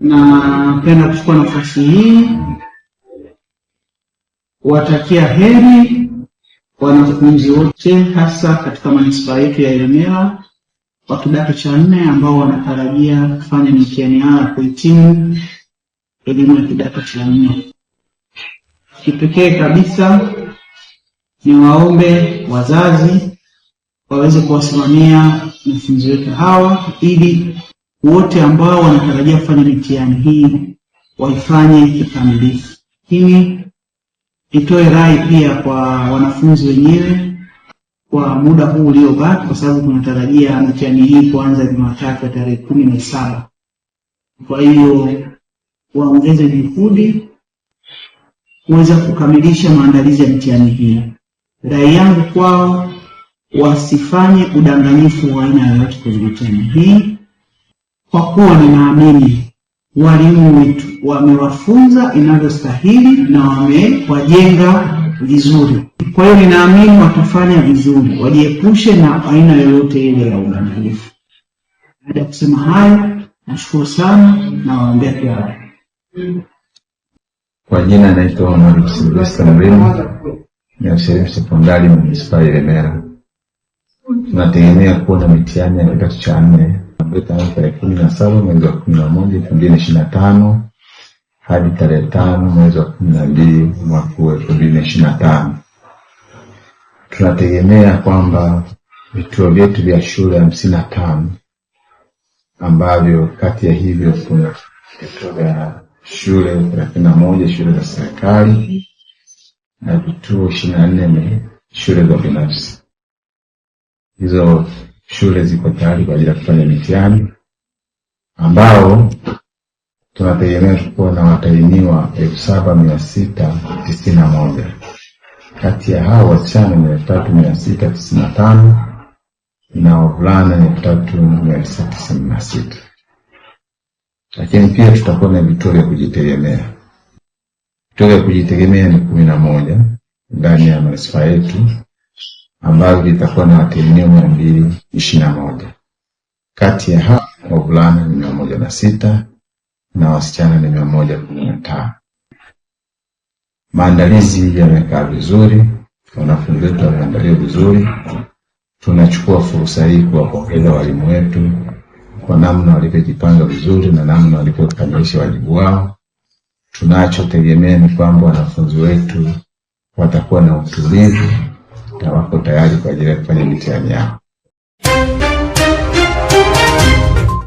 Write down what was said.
Napenda kuchukua nafasi hii kuwatakia heri wanafunzi wote, hasa katika manispaa yetu ya Ilemela wa kidato cha nne ambao wanatarajia kufanya mitihani yao ya kuhitimu elimu ya kidato cha nne. Kipekee kabisa ni waombe wazazi waweze kuwasimamia wanafunzi wetu hawa ili wote ambao wanatarajia kufanya mitihani hii waifanye kikamilifu. Lakini nitoe rai pia kwa wanafunzi wenyewe kwa muda huu uliobaki, kwa sababu tunatarajia mitihani hii kuanza Jumatatu ya tarehe kumi na saba. Kwa hiyo waongeze juhudi kuweza kukamilisha maandalizi ya mitihani hii. Rai yangu kwao, wasifanye udanganyifu wa aina yoyote kwenye mitihani hii kwa kuwa ninaamini walimu wetu wamewafunza inavyostahili na wamewajenga vizuri. Kwa hiyo ninaamini watafanya vizuri, wajiepushe na aina yoyote ile ya udanganyifu. Baada ya kusema hayo, nashukuru sana na waombea kila la kwa jina naitwa Mwalimu Silvesta Mremu, ni afisa sekondari manispaa Ilemela. Tunategemea kuwa na mitihani ya kidato cha nne ambayo itaanza tarehe kumi na saba mwezi wa kumi na moja elfu mbili na ishirini na tano hadi tarehe tano mwezi wa kumi na mbili mwaka huu elfu mbili na ishirini na tano. Tunategemea kwamba vituo vyetu vya shule hamsini na tano ambavyo kati ya hivyo kuna vituo vya shule thelathini na moja shule za serikali na vituo ishirini na nne shule za binafsi hizo shule ziko tayari kwa ajili ya kufanya mitihani ambao tunategemea kuwa na watahiniwa elfu saba mia sita tisini na moja. Kati ya hao wasichana ni elfu tatu mia sita tisini na tano na wavulana ni elfu tatu mia tisa tisini na sita. Lakini pia tutakuwa na vituo vya kujitegemea. Vituo vya kujitegemea ni kumi na moja ndani ya manispaa yetu ambavyo litakuwa na asilimia mia mbili ishirini na moja. Kati ya hao wavulana ni mia moja na sita na wasichana ni mia moja kumi na tano. Maandalizi yamekaa vizuri, wanafunzi wetu wameandaliwa vizuri. Tunachukua fursa hii kuwapongeza walimu wetu kwa namna walivyojipanga vizuri na namna walivyokamilisha wajibu wao. Tunachotegemea ni kwamba wanafunzi wetu watakuwa na utulivu na wako tayari kwa ajili ya kufanya mitihani yao.